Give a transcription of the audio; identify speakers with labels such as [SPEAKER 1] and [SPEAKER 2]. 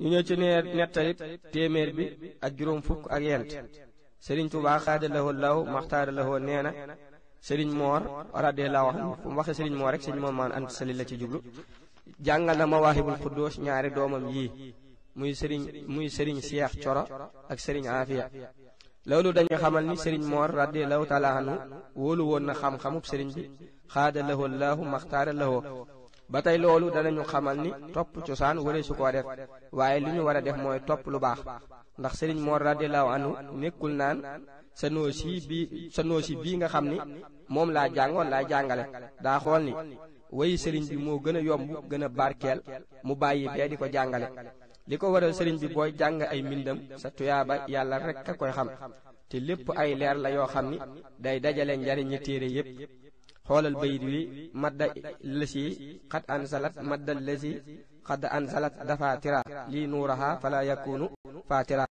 [SPEAKER 1] ñu ñëw ci neer nettalib téeméer bi ak juróom fukk ak yent sëriñ Tuubaa xaadalahu law maxtaaralahu lahu neena sëriñ moor allahu anhu fu waxe sëriñ moor rek sëriñ moor maan ant sali ci jublu jàngal na mawaahibul xuddoos ñaari doomam yii muy sëriñ muy sëriñ seex coro ak sëriñ afiya loolu dañu xamal ni sëriñ moor allahu taala anhu wóolu woon na xam-xamub sëriñ bi xaadalahu laahu lahu ba tey loolu danañu xamal ni topp cosaan wala su ko def waaye li ñu war a def mooy topp lu baax ndax sëriñ Mor radiyallahu anhu nekkul naan sa noosi bi sa noosi bii nga xam ni moom laa jàngoon laa jàngale daa xool ni way sëriñ bi moo gën a yomb gën a barkeel mu bàyyi bee di ko jàngale li ko waral sëriñ bi booy jàng ay mbindam sa tuyaaba yàlla rekk a koy xam te lépp ay leer la yoo xam ni day dajale njariñi téere yépp xoolal bayit wi madda lësi xad ansalat madda lësi xad ansalat dafa tira lii nuuraha fala yakunu fatira